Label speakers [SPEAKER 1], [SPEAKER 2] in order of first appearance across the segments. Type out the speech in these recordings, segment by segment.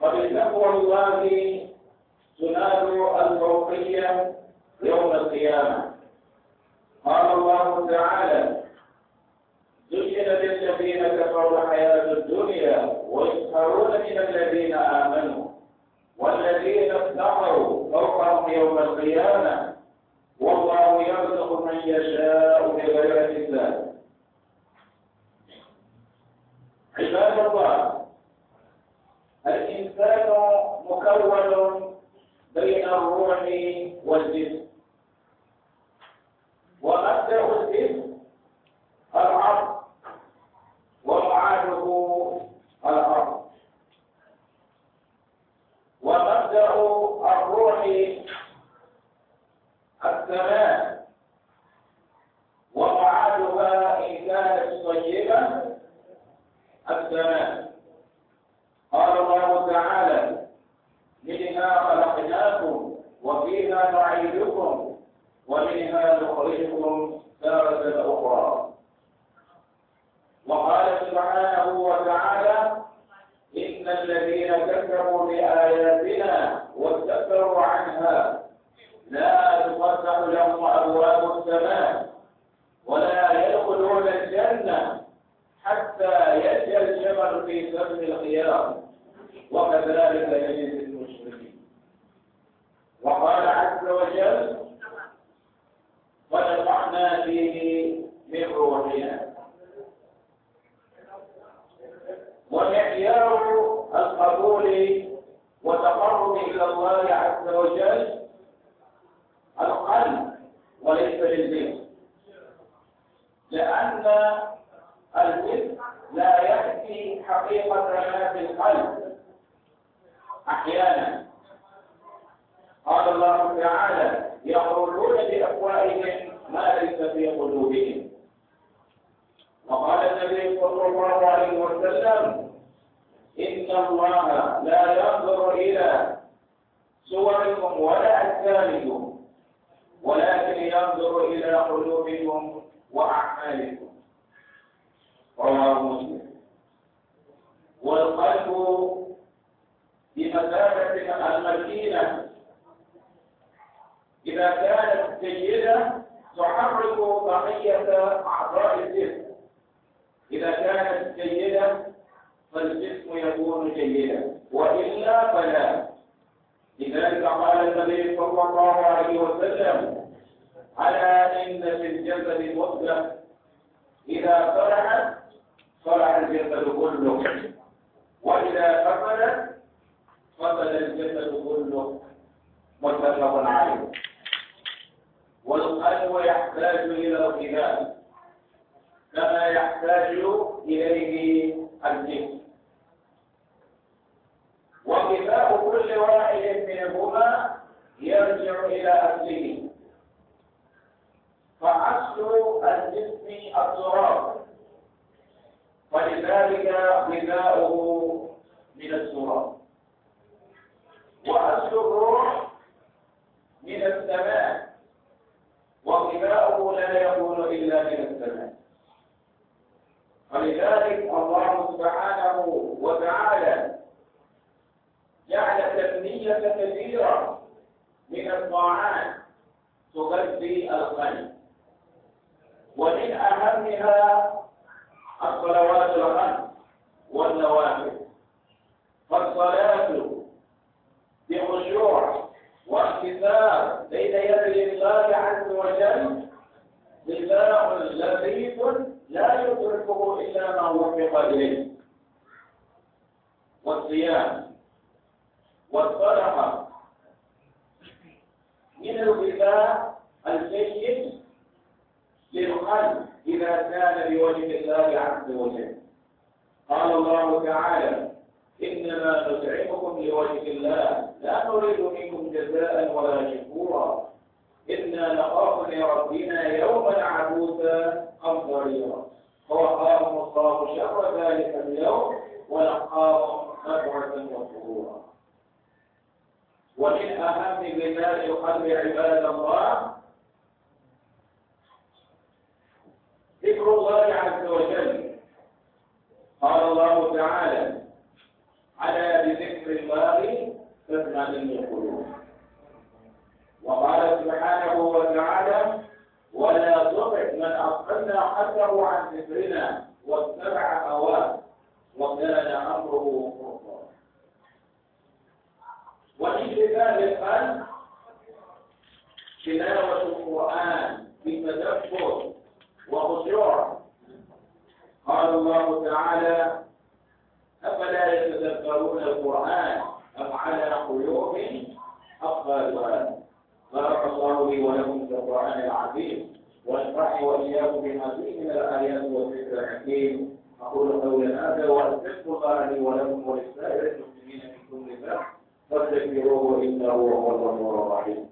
[SPEAKER 1] فبالتقوى الله تنال الفوقية يوم القيامة قال الله تعالى زين للذين كفروا الحياة الدنيا ويسخرون من الذين آمنوا والذين افتقروا فوقهم يوم القيامة والله يرزق من يشاء بغير حساب عباد الله الإنسان مكون بين الروح والجسم ومبدأ الجسم لهم أبواب السماء ولا يدخلون الجنة حتى يجي الجمل في سبب الخيار وكذلك يجزي المشركين وقال عز وجل ونفعنا فيه من روحنا ومعيار القبول والتقرب الى الله عز وجل القلب وليس للبر لأن البر لا يأتي حقيقة ما في القلب أحيانا قال الله تعالى يقولون بأفواههم ما ليس في قلوبهم وقال النبي صلى الله عليه وسلم إن الله لا ينظر إلى صوركم ولا أجسامكم ولكن ينظر إلى قلوبكم وأعمالكم رواه غذاؤه من التراب وأصل الروح من السماء وغذاؤه لا يكون إلا من السماء ولذلك الله سبحانه وتعالى جعل تبنية كثيرة من الطاعات تغذي القلب ومن أهمها الصلوات الخمس والنوافل فالصلاة بخشوع واحتساب بين يدي الله عز وجل نداء لطيف لا يدركه إلا ما هو بقدره والصيام والصدقة من الغذاء الجيد للقلب إذا كان بوجه الله عز وجل قال الله تعالى إنما نطعمكم لوجه الله لا نريد منكم جزاء ولا شكورا إنا نخاف لربنا يوما عبوسا ضريرا فوقاهم الله شر ذلك اليوم ولقاهم نفرة وسرورا ومن أهم بناء القلب عباد الله ذكر الله عز وجل قال الله تعالى على بذكر الله تطمئن القلوب وقال سبحانه وتعالى ولا تطع من أغفلنا حده عن ذكرنا واتبع هواه وكان أمره فرطا
[SPEAKER 2] وفي كتاب قال
[SPEAKER 1] تلاوة القرآن بتدبر وخشوع قال الله تعالى أفلا يتدبرون القرآن أم على قلوب اقبالها بارك الله لي ولكم في القرآن العظيم وانفعني وإياكم بالعظيم من الآيات والذكر الحكيم أقول قولا هذا وأستغفر الله لي ولكم ولسائر المسلمين من كل ذنب فاستغفروه إنه هو الغفور الرحيم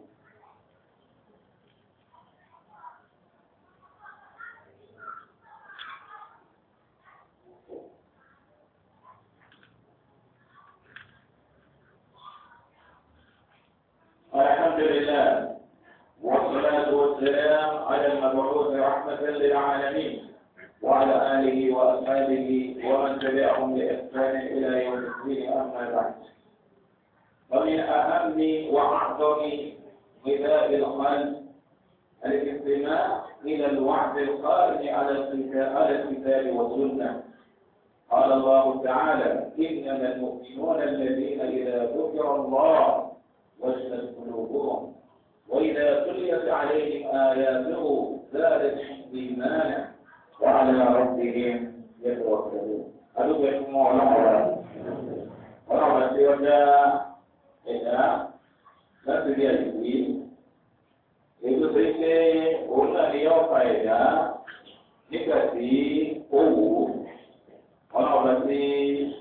[SPEAKER 1] إلى الوعد القائم على الكتاب والسنة قال الله تعالى إنما المؤمنون الذين إذا ذكر الله وجلت قلوبهم وإذا تليت عليهم آياته زادت إيمانا وعلى ربهم يتوكلون أدعوكم ونحن ورحمة الله إلى نفس اليد ètò tó ṣe òun náà ni yóò fa ẹ̀dá nígbà tí ó wò ó ọ̀nà ọ̀nà tí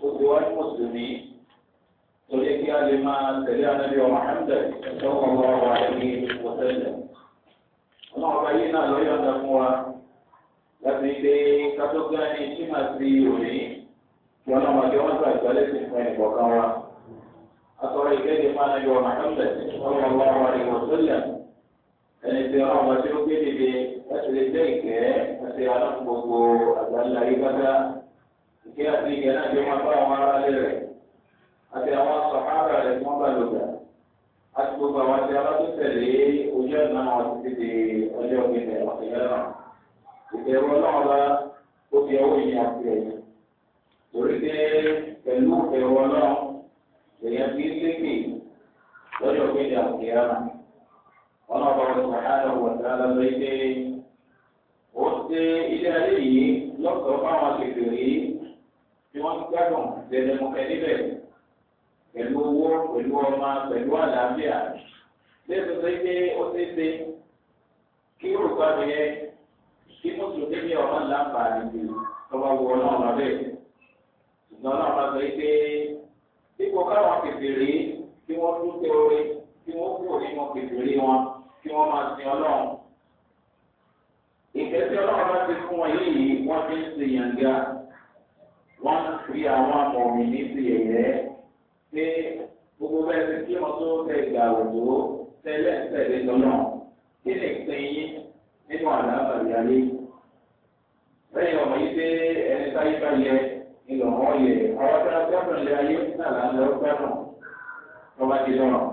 [SPEAKER 1] ó ti wá ní mùsùlùmí torí kí a lè máa tẹ̀lé anábì ọmọ hamdan lọ́wọ́ ọmọ wa ní ọ̀sẹ̀lẹ̀. ọ̀nà ọba yìí náà ló yọ̀ǹda fún wa láti ilé kátógá ní chima sí òní kí ọ̀nà ọmọdé wọn gbà ìgbàlẹ̀ sí fún ẹnìkọ̀ọ̀kan wa. àtọ̀rọ̀ ìkéde máa nábì ọmọ hamdan lọ́wọ́ ọmọ wa ní ọ̀sẹ̀lẹ̀ ẹni tí ọlọ́run ọtí ó gbé dìde láti lè jẹ́ ìkẹ́ àti aláǹ gbogbo àgbáńlá yìí pátá ìkẹ́ àti ìkẹ́ náà tí ó máa bá àwọn ará lé rẹ̀ àti àwọn sọ̀hárà rẹ̀ tí wọ́n bá lò dà àti gbogbo àwọn tí wọ́n ojú ọ̀nà àwọn ti di ọjọ́ gbẹ̀dẹ̀ ọ̀kẹ́yẹ náà ìkẹ́rù ọlọ́run bá ó fi ọwọ́ ìyẹn àti ẹ̀yìn torí pé pẹ̀lú ìkẹ́rù ọlọ́run èèyàn fi lékè lọ́jọ́ gbẹ̀dẹ̀ ọ̀kẹ́yẹ náà ọlọ́ọ̀bọ̀ sọ̀rọ̀ wọ̀tálá ló dé ó ṣe ilé ayé yìí lọ́sọ̀ọ́ fáwọn àgbègbè yìí tí wọ́n ti gbádùn dẹ̀dẹ̀mọ̀kẹ́ níbẹ̀ pẹ̀lú owó pẹ̀lú ọmọ pẹ̀lú àlàáfíà lẹ́sọ̀ tó dé ó ṣe ṣe kí olùkọ́ mi yẹ kí mùsùlùmí mi ọ̀rọ̀ láǹfààní ju tọ́ba wọ náà lọ bẹ́ẹ̀ ṣùgbọ́n náà wọ́n sọ pé dípò káwọn kèfèrè kí wọ́n tún tẹ orí kí wọ́n kúrò nínú kèfèrè wọn kí wọ́n máa sin ọlọ́run. ìfẹ́ tí ọlọ́run bá ti fún wọn yìí wọ́n ti ń ṣe yànga wọ́n fi àwọn amọ̀mí ní ti yẹ̀yẹ́ pé gbogbo bẹ́ẹ̀ ti kí wọn tó tẹ ìgbà òjò tẹ́lẹ̀ tẹ́lẹ̀ lọ́nà kí lè pín yín nínú àlàáfàá yìí. lẹ́yìn ọmọ yìí pé ẹni táyé bá yẹ ìlọ̀wọ́ yẹ ọ̀rọ̀ tí wọ́n gbọ́dọ̀ lé ayé náà lálẹ́ ó gbọ́dọ̀ ti lọ́rọ̀.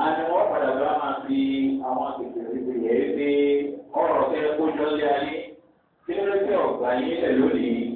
[SPEAKER 1] àti wọ́n padà bá máa fi àwọn àgbègbè ìgbè yẹn pé ọ̀rọ̀ tẹ́ kó jọ lé ayé tí ó lè fẹ́ yín lẹ̀ lónìí.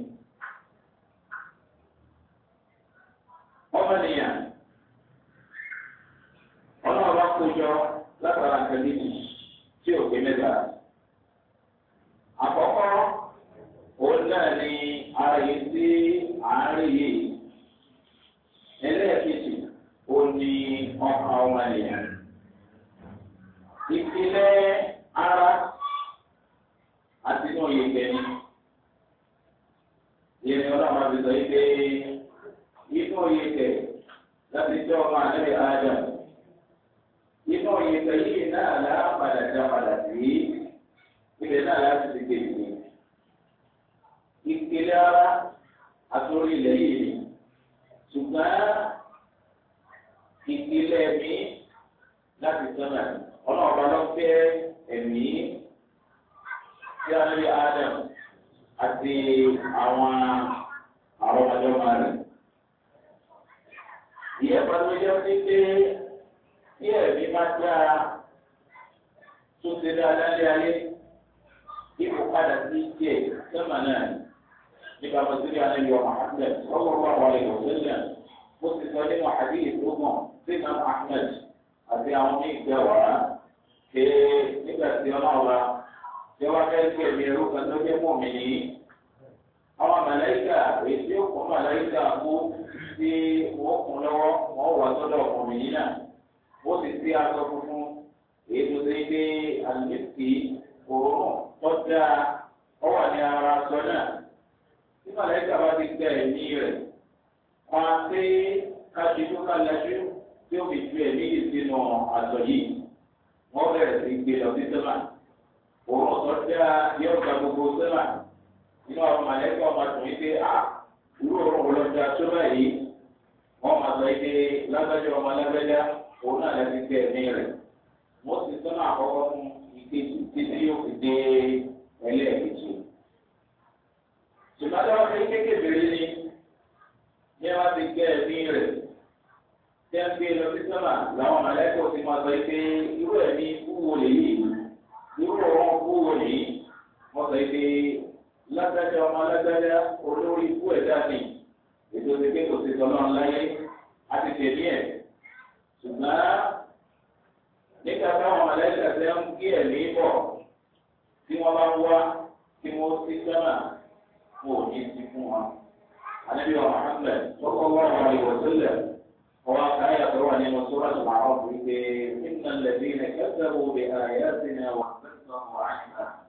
[SPEAKER 1] àti àwọn àrọ́mọdọ́mọ rẹ̀. Ìyá ìbálòjọ́ ti pé tí ẹ̀mí máa dáa tó ṣe dáadáa lé ayé ipò padà sí tiẹ̀ sẹ́mà náà nípa pàṣírí àlejò ọmọ ahmed ọlọ́wọ́ àwọn àlejò sẹ́lẹ̀ mo ti sọ nínú àdé ìdúgbọ̀n sí imam ahmed àti àwọn ní ìgbẹ́ wàrà pé nígbà tí ọlọ́wọ́ ṣé wàá fẹ́ gbé ẹ̀mí ẹrú kan tó jẹ́ mọ̀ mí nìyí. àwọn màláìkà èsì òkú màláìkà kú sí wọ́n kún lọ́wọ́ wọ́n wà sọ́dọ̀ ọkùnrin yìí náà ó sì sí aṣọ funfun èyí tó ṣe pé àlùmíìsì òórùn tó dáa ó wà ní ara aṣọ náà. tí màláìkà bá ti gba ẹ̀mí rẹ̀ wọ́n á sí káṣíjú káláṣú tí ó fi ju ẹ̀mí yìí sínú aṣọ yìí wọ́n bẹ̀rẹ̀ sí gbé lọ sí sọ́mà òun ọ̀sán tí a yẹ ọ̀gá gbogbo sẹ́là nínú àwọn màlẹ́kọ̀ ọmọ àtúnyí pé a ah, wúlò ọ̀rọ̀ ọlọ́jà sọ́là yìí wọ́n máa sọ pé lágbájá ọmọ lágbájá òun náà lẹ́sìn tẹ̀ mí rẹ̀ wọ́n ti sọ́nà àkọ́kọ́ fún ìkejì títí yóò fi dé ẹlẹ́ẹ̀kejì. ṣùgbọ́n táwọn fi kékeré ni ní wọ́n ti gbẹ́ ẹ̀mí rẹ̀ tẹ́ ń gbé lọ sí sọ́nà làwọn màlẹ́kọ̀ ti irú ọ̀rọ̀ kúrò yìí wọ́n sọ pé lágbájá ọmọ lágbájá olórí ikú ẹ̀dá ni ètò ìdíkẹ́ kò sí tọ́lọ́run láyé àti tèmi ẹ̀ ṣùgbọ́n nígbà táwọn mọ̀lẹ́kà ṣe ń kí ẹ̀mí bọ̀ tí wọ́n bá wá tí wọ́n ti sẹ́nà kò ní sí fún wọn. àlejò àwọn àgbẹ̀ tó kọ́ wọ́n wà ìwọ̀sílẹ̀. هو كان آية يقرون من سورة العرب إن الذين كذبوا بآياتنا واستكبروا عنها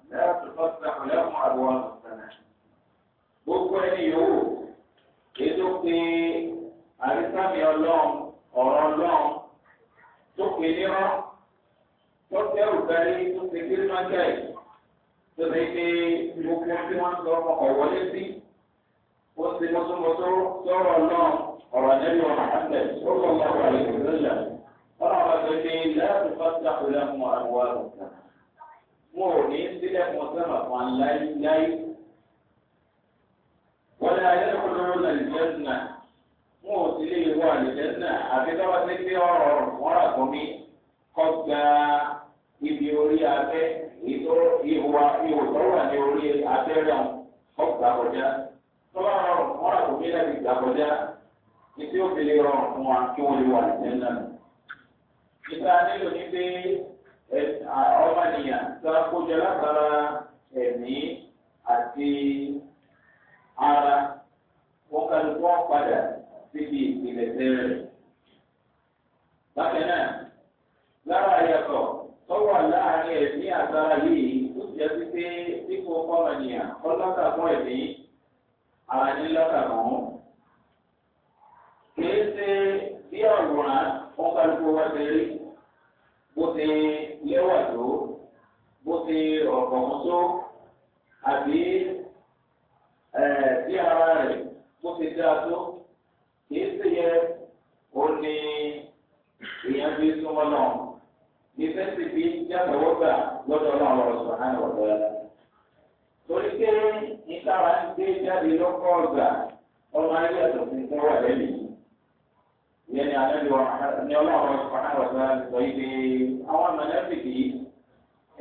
[SPEAKER 1] náà. Nípa nílò ní pé ọmọnìyàn sára kójọ látara ẹ̀mí àti ara wọn kálí wọn padà síbi ìpìlẹ̀ tẹ́rẹ̀. Bákan náà, lára ayẹ̀kọ̀ tọ́wọ̀ láàárín ẹ̀mí àtara yìí ó jẹ́ sí pé dípò ọmọnìyàn ọlọ́kàkọ́ ẹ̀mí àràdínlọ́kàkọ́. Kìí ṣe bí àwòrán wọn bá lóko wá bẹ̀rẹ̀ bó ti lẹ́wà tó bó ti ọ̀pọ̀ mọ́ tó àbí bí ara rẹ̀ bó ti dáa tó kìí ṣe yẹ ó ní èèyàn bí súnmọ́ náà ní sẹ́ńtì bí jáfẹ́wọ́ gbà lọ́dọ̀ náà lọ́rọ̀ sọ̀rọ̀ hàn ọ̀dọ́ ẹ̀ torí pé ìtara ń gbé jáde lọ́kọ̀ ọmọ ayé àtọ̀sìn tó wà lẹ́yìn ìyẹn eh, ni àlẹ́bí wọn ni ọlọ́run ṣùgbọ́n àwọn ọ̀sán sọ yìí pé àwọn mọ̀lẹ́bìkì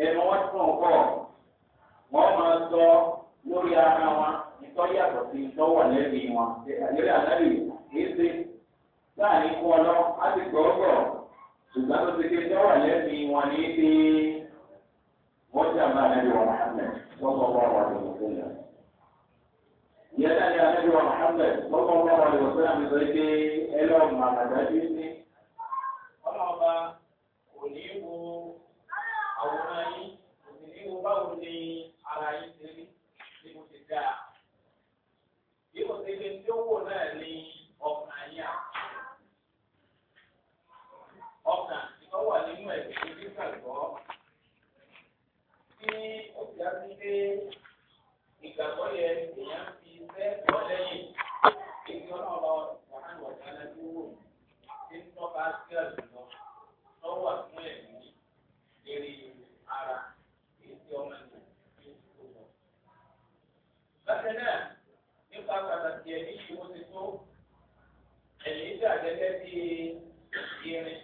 [SPEAKER 1] ẹnu wọn tún kọ́ wọ́n máa sọ lórí ara wọn nítorí yàtọ̀ sí lọ́wọ́ lẹ́bí wọn àlẹ́bí àlẹ́bí kìí ṣe láàrin kú ọ lọ á ti gbọ́ gbọ́ ṣùgbọ́n tó ti ké lọ́wọ́ lẹ́bí wọn ní pé wọ́n ti àbá àlẹ́bí wọn wọ́n sọ fún ọ̀rọ̀ ìyá dáadáa anábì wa muhammed lọ́kọ̀ ọ̀gá wa lè wọ́sẹ̀ àmì sọ pé ẹ lọ mà àdájú ní. ọlọ́ọ̀ba kò ní wo àwòrán yín kò sì ní wo báwo ni ara yín ṣe rí bí mo ti dáa. bí mo ti lè tí ó wò náà ni ọkàn yà. ọkàn tó wà nínú ẹ̀sìn nígbàgbọ́ tí ó ti á sí pé ìgbàgbọ́ yẹn èèyàn fi pàtàkì ẹ̀mí yìí wọ́n ti tó ẹ̀mí ìjà gẹ́gẹ́ bí irin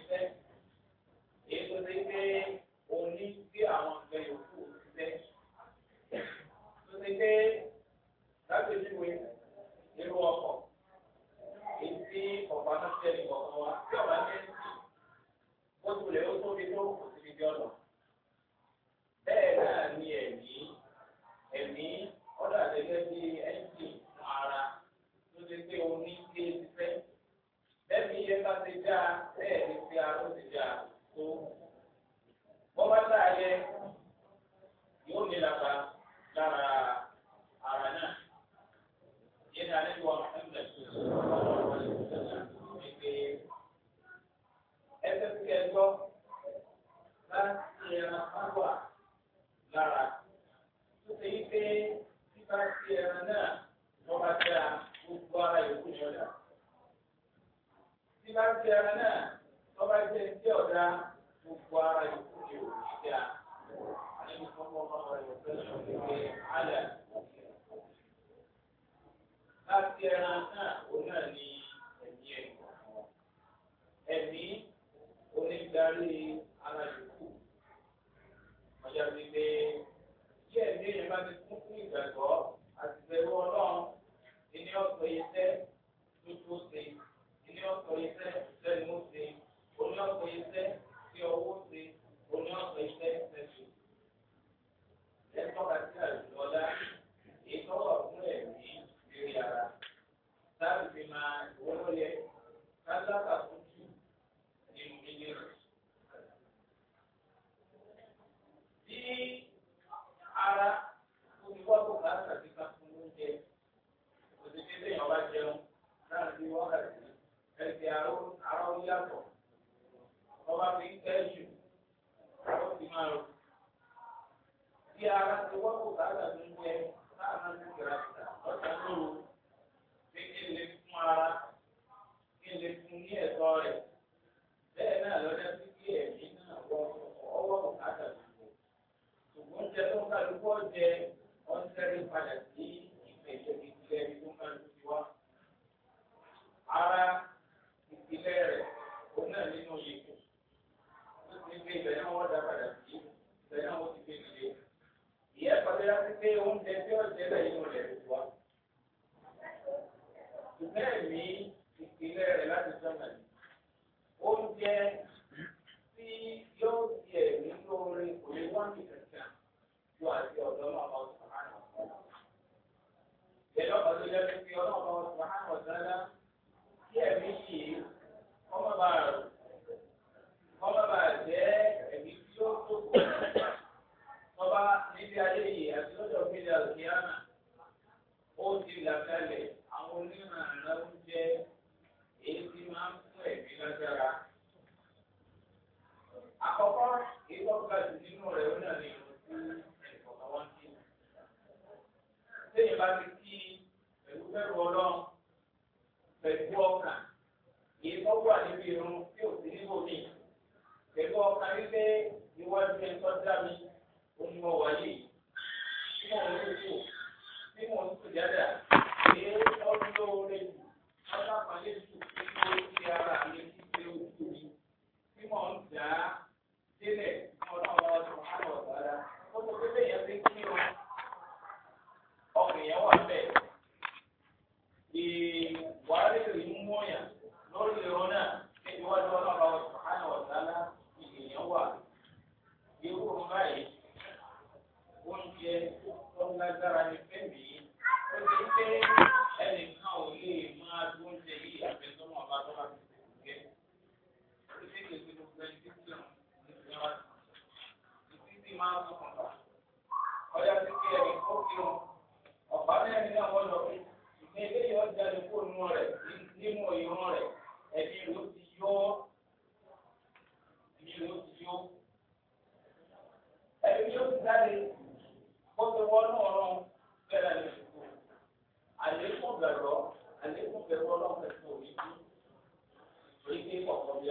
[SPEAKER 1] bá ti ẹran bá wà lára tó ṣe yí pé bí bá ti ẹran náà wọ́n bá dá gbogbo ara yòókù ní ọ̀dà. bí bá ti ẹran náà wọ́n bá jẹ́ ní ọ̀dà gbogbo ara yòókù ní ọ̀dà. Àlejò kan mọ́ ọmọ rẹ̀ lọ́sẹ̀ lọ́sẹ̀ pé àlẹ́ láti ẹran náà òun náà ní ẹ̀mí ẹ̀ ẹ̀mí onídarí alájùmọ̀ jẹ́ wípé tí ẹ̀mí èèyàn bá ti kún fún ìgbàgbọ́ àti ìbẹ̀rù ọlọ́run ìní ọ̀sọ̀ iṣẹ́ tuntun ṣe ìní ọ̀sọ̀ iṣẹ́ lẹ́nu ṣe òní ọ̀sọ̀ iṣẹ́ tí ọwọ́ ṣe òní ọ̀sọ̀ iṣẹ́ ṣẹṣù. ẹ̀tọ́ àti àlùfọ́lá ìtọ́wọ̀ fún ẹ̀mí ìrírí ara táàbì fi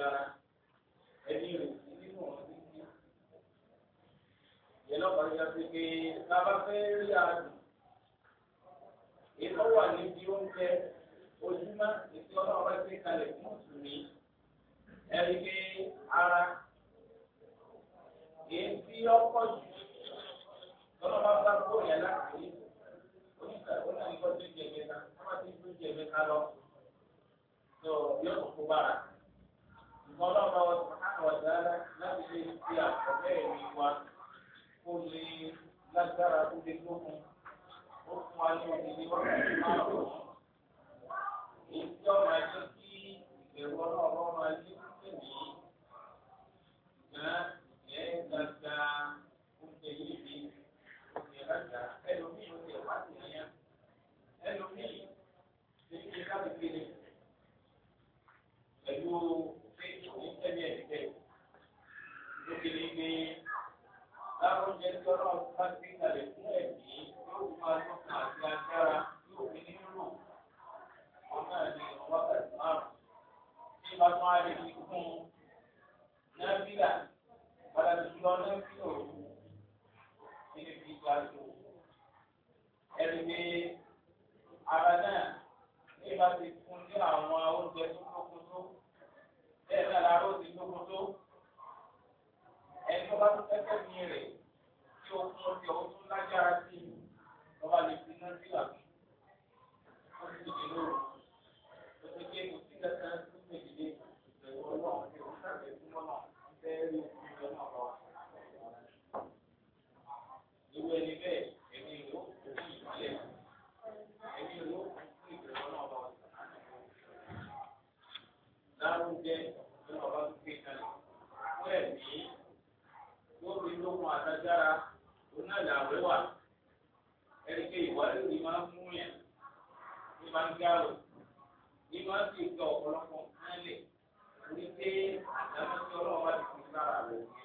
[SPEAKER 1] ya ẹni ìrètí nínú ọ̀rọ̀ títí. Ìyẹn náà kọ́ni ya sí pé bàbá fẹ́ rí àdùn. Ìtọ́ wà níbi oúnjẹ ojúmọ́ ìtí ọlọ́run bá gbé kalẹ̀ fún mùsùlùmí. Ẹni pé ara kìí sí ọkọ̀ jù lọ́nà bá bá kó yẹn láti rí oníkà ó náà ń gbọ́ tó jẹ mẹ́ta wọ́n bá ti gbé jẹ mẹ́ta lọ. Yọ yọ kókó bára ṣùgbọ́n ọlọ́run àwọn sùpàkánù ọ̀dà láti lè fi àkọ́kẹ́ ẹ̀mí wa kó lè lágbára tó lè lókun ó fún wa ní òdìdí wọn kí máa lò ó. èyí tí ọmọ ẹjọ́ kí ìbẹ̀rù ọlọ́run ti rí pé lábọ́jẹ́ tọ́lá bá gbé kalẹ̀ fún ẹ̀mí yóò máa lọ́kàn àti agbára yóò fi ní rò wọn náà ní wákàtí márùn-ún. bí bá tún á lè fi kún nábìlà padà jùlọ nábìlà òru nínú fi gba tó. ẹni pé ara náà ní bá ti fún ní àwọn. oúnjẹ ní ọba tó ké kalẹ̀ fún ẹ̀mí tó fi lókun àtagbára òun náà làwẹ̀ wà ẹni pé ìwádìí ni máa ń mú yàn ní máa ń gáwò ní máa ń fi ìgbà ọ̀pọ̀lọpọ̀ náà lè ní pé àdámọ́ tí ọlọ́run bá ti fi lára rẹ̀ ní.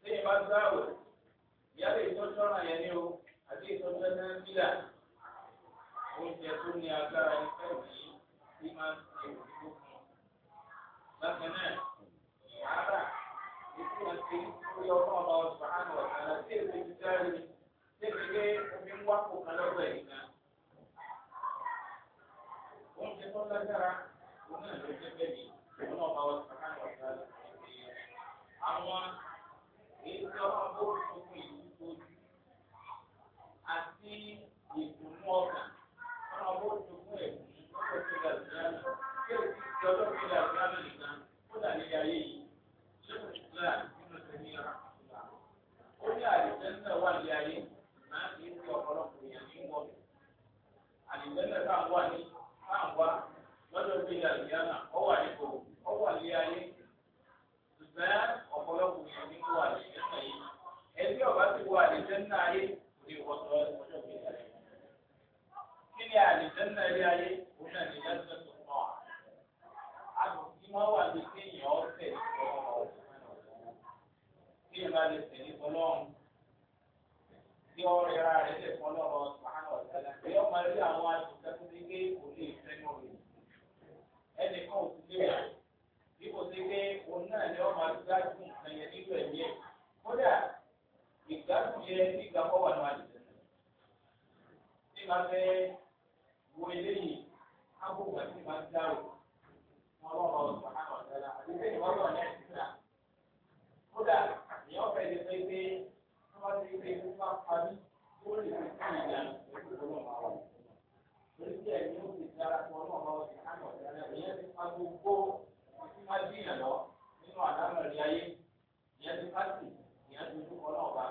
[SPEAKER 1] Téèyàn bá gáwò ìyáálé ìtọ́jú ọ̀ràn yẹn ni o àti ìtọ́jú ẹ̀dá ń bílà oúnjẹ tó ní agbára ìfẹ́ yìí ní máa ń ṣe òṣèlú fún un. Bákan náà, ìyára ètò ẹ̀sìn orí ọmọ ọba ọ̀sùn àánú ọ̀sán àti ètò ìdíjáre níbi pé omi ń wákò kan lọ́dọ̀ ẹ̀yìn náà. Wọ́n ti tọ́ lágbára, òun náà ló àwọn èyí tí ọmọ bó ń tó ju àti ìdùnnú ọkàn. wo eléyìí ábòwò àti máa ń dárò ọlọ́run ọ̀sán náà ọ̀dẹ́lá àti bẹ́ẹ̀ ni wọ́n wọ̀ ní ẹ̀sìnlá. kódà èèyàn fẹ́ lè pé pé wọ́n ti pé kó bá parí ó lè fi sí ìyá pẹ̀lú ọlọ́run àwọn. torí pé ẹni ó ti dára fún ọlọ́run ọ̀sán náà ọ̀dẹ́lá èèyàn ti pa gbogbo ọtí máa dín yàn lọ nínú àdámọ̀ rí ayé ìyẹn ti pàṣẹ ìyẹn ti dúkọ náà wá.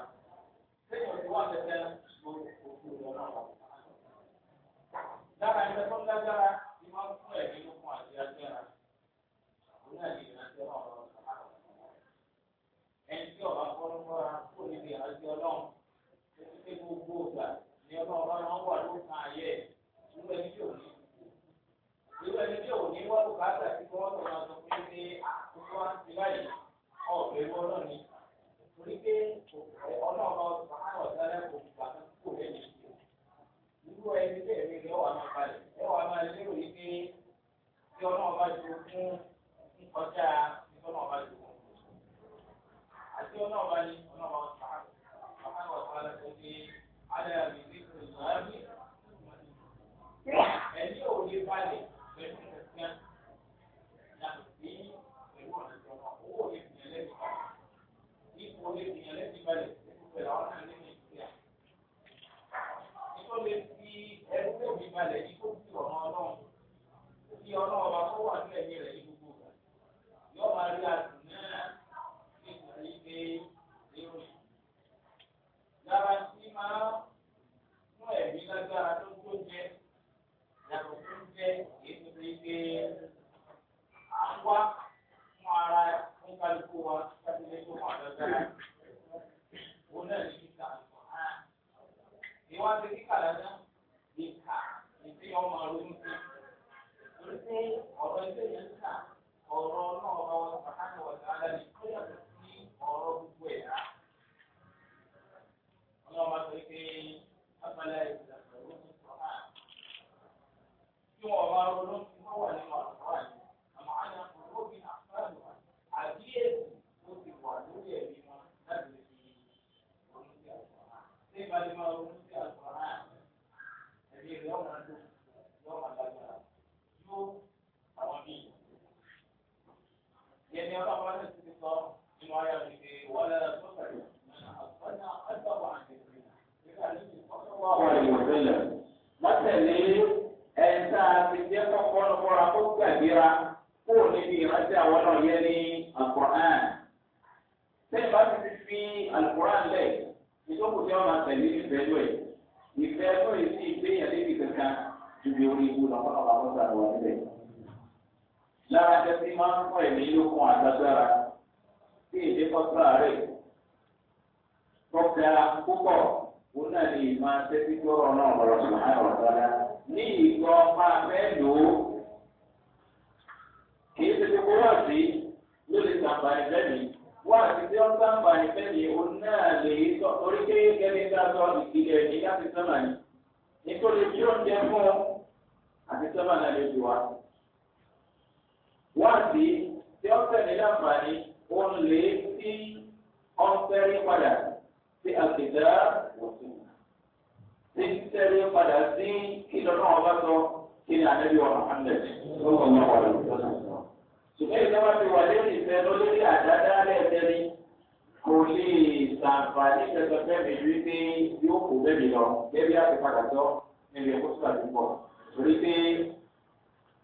[SPEAKER 1] sẹ́yìn òṣùwọ̀n tẹ́tẹ́ gbogbo òṣùwọ̀n náà wá. lára ẹgbẹ́ tó lágbára ni wọ́n fún ẹ̀mí ló fún àti agbára àwọn náà lè rántí ọlọ́run ẹni tí ọba fọlọ́fọ́ra kó lè lè rántí ọlọ́run títí pé gbogbo ìgbà ni ọlọ́run bá wọn wà lókàn ayé irú tí ní tí ní wọ́n wọ́n tó sọ pé àkókò báyìí ọ̀bẹ torí Yeah. òun náà ní kíkà àlùkòrán ìwọ́n ti kíkà lọ́dọ̀ ìkà ìdí ọmọ ọdún sí torí pé ọ̀rọ̀ ilé yẹn kà ọ̀rọ̀ náà ọba wọn pàtàkì wọ̀ sáadà ní kó yàtọ̀ sí ọ̀rọ̀ gbogbo ẹ̀dá. ọlọ́wọ́ sọ pé abala ìgbàgbọ́ ló ti sọ náà. ìyẹn bá wọn náà ti sọ nínú ayé àdìgbé wọlé sọ́sẹ̀lẹ̀ àgbọ̀nà àgbàwọ̀ àdìgbé nígbà tí wọ́n wà ìrọ̀lẹ́ mọ́tẹ̀lẹ́ ẹ̀ńtà ti jẹ́ kọ́kọ́rọ́kọ́ra tó gbàgbéra kó o níbi ìrántí àwọn náà ìgbéyàwó lára jẹ́ sí máa ń fún ẹ̀mí lókun àgbàgbára sí ìdíkọ́sá rẹ̀ tọ́jà púpọ̀ òun náà lè máa tẹ́tí gbọ́rọ̀ náà lọ́rọ̀ sùnmáyà ọ̀dọ́dá ní ìgbọ́ máa fẹ́ lò ó kìí ṣe gbogbo wá sí ló lè sàǹfà ẹ̀fẹ́ mi wá sí tí wọ́n sàǹfà ẹ̀fẹ́ mi òun náà lè sọ orí kékeré ká sọ ìpìlẹ̀ ní láti sọ́mà ní nítorí tí ó ń jẹ àti sọ́mà náà lè jù wá wáàdì tí ó tẹ̀lé láǹfààní òun lè sí ọ̀npẹ́rí padà sí àgbẹ̀dá òtún. Ní tẹ̀lé padà sí kí lọ́nà ọba sọ kí ni ànábi wa Muhammed ló wọ̀ ní ọ̀rọ̀ ìjọba. Ṣùgbọ́n ìjọba ti wà lórí ìfẹ́ lórí àdáda lẹ́ẹ̀dẹ́rì kò lè ṣàǹfààní ìjọba bẹ́ẹ̀ mi wípé yóò kó bẹ́ẹ̀ mi lọ bẹ́ẹ̀ bí a ti padà sọ níbi ìkóṣùpàdé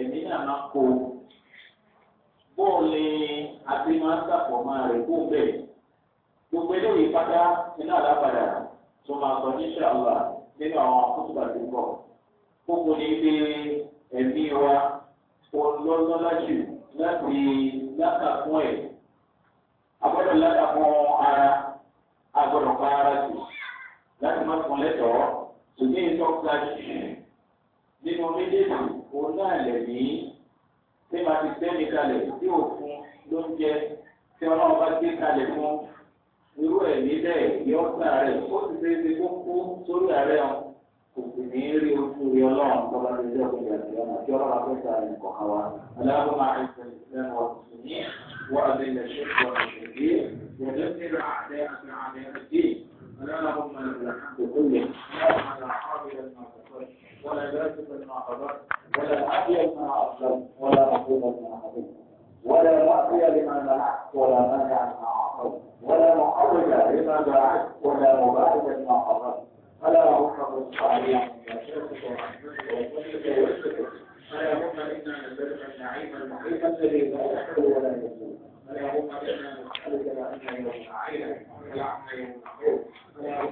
[SPEAKER 1] ẹ̀mí náà máa kó bọ́ọ̀lù àti máa ń sàpọ̀ máa rẹ̀ kó bẹ́ẹ̀ gbogbo eléyìí pátá iná àlápàdà tó máa sọ ní sàlùwà nínú àwọn akótópà tó ń bọ̀ gbogbo ní pé ẹ̀mí wa olólọ́lá jù láti látàkún ẹ̀ agbọ́dọ̀ látàkún ara agbọ́dọ̀ pa ara jù láti má fún lẹ́tọ̀ọ́ ṣùgbọ́n ìtọ́ka jù nínú méjèèjì òun náà lẹ̀ ní tí màá ti tẹ́mi kalẹ̀ tí òfun ló ń jẹ tí ọlọ́run bá gbé kalẹ̀ fún irú ẹ̀mí bẹ́ẹ̀ yọ ọ́sà rẹ̀ ó ti ṣe é ṣe kó kú sórí àárẹ̀ ọ̀ kò sì ní rí ojú rí ọlọ́run tó bá ti jẹ́ òkèlè àti ọmọ tí ọlọ́run afẹ́ta rẹ̀ kọ̀ọ̀kan wa. aláàbò máa ń sọ ìsìlẹ̀mù ọ̀sùn ní wàá bẹ̀rẹ̀ ṣe é ṣe ọ̀sùn yìí wọ́n lè فلا لهم لك الحمد كله ولا ما تصل ولا باسلا ما قدرت ولا عافيا ما اصلت ولا مقوما ما قبلت ولا معطي لما منعت ولا مانع ما اعطيت ولا معوج لما باعت ولا مبارك ما قررت فلا رحم الصالحين يا شيخ وحمدك وكلك وشكرك فلا هم انا نزلنا النعيم المحيط الذي لا يحل ولا يزول فلا هم نسألك بأن يوم عينك ولعن يوم الخير فلا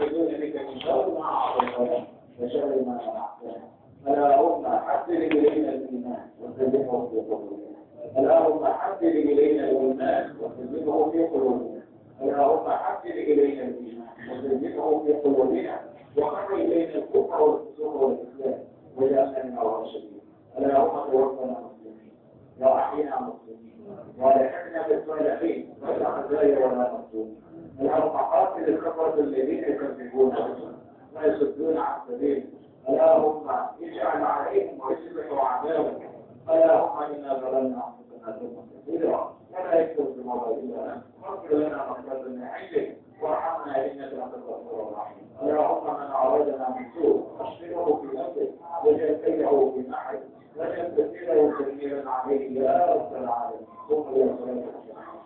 [SPEAKER 1] بك من شر ما أعطيتنا وشر ما منعتنا فلا هم إلينا الإيمان وسلمه في قلوبنا فلا هم إلينا الإيمان وسلمه في قلوبنا فلا هم إلينا الإيمان وسلمه في قلوبنا وقر إلينا الكفر والفسوق والإسلام وجعلنا من الراشدين فلا هم وأحينا مظلومين ولحقنا بالصالحين ولا خزايا ولا مظلوم الأوقعات للكفرة الذين يكذبون ويصدون عن سبيل اللهم اجعل عليهم ويصبحوا عذابا اللهم هم إنا ظلمنا أنفسنا ظلما كثيرا ولا يكتب بمرض إلا أنت واغفر لنا مغفرة من عندك وارحمنا انك انت الغفور الرحيم يا رب من ارادنا من سوء اشغله في نفسه وجل في نحره وجل كثيره كثيرا عليه يا رب العالمين ثم يا رب العالمين